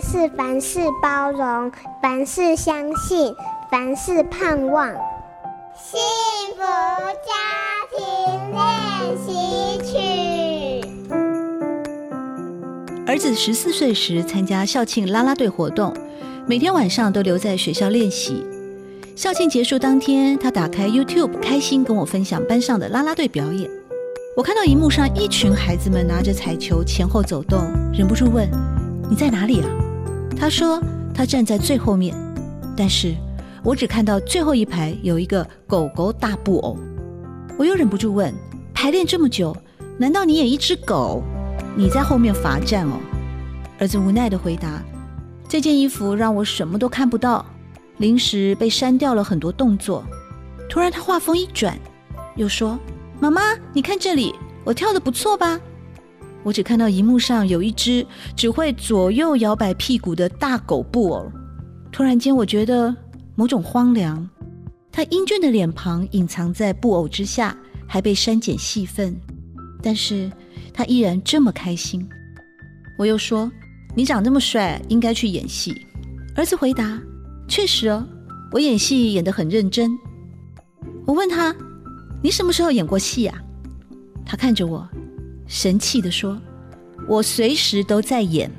是凡事包容，凡事相信，凡事盼望。幸福家庭練習曲。兒子十四歲時參加校慶啦啦隊活動，每天晚上都留在學校練習。校慶結束當天，他打開 YouTube，開心跟我分享班上的啦啦隊表演。我看到熒幕上一群孩子們拿着彩球前後走動，忍不住問：“你在哪裡啊？”他說他站在最後面，但是我只看到最後一排有一個狗狗大布偶哦。我又忍不住問：排練這麼久，難道你演一隻狗？你在後面罰站哦。兒子無奈的回答：這件衣服讓我什麼都看不到，臨時被刪掉了很多動作。突然他話鋒一轉，又說：媽媽，你看這裡，我跳的不錯吧？我只看到熒幕上有一只只會左右搖擺屁股的大狗布偶。突然間，我覺得某種荒涼。他英俊的臉龐隱藏在布偶之下，還被刪減戲份，但是他依然這麼開心。我又說：“你長這麼帥，應該去演戲。”兒子回答：“確實哦，我演戲演得很認真。”我問他：“你什麼時候演過戲呀？”他看着我。神氣的說：“我隨時都在演。”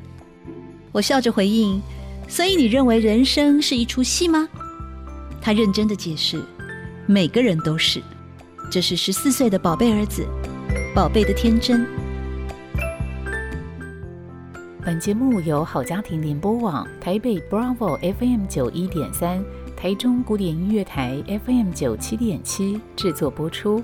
我笑着回應：“所以你認為人生是一出戲嗎？”他認真的解釋：“每個人都是。”這是十四歲的寶貝兒子，寶貝的天真。本節目由好家庭聯播網、台北 Bravo FM 九一點三、台中古典音樂台 FM 九七點七製作播出。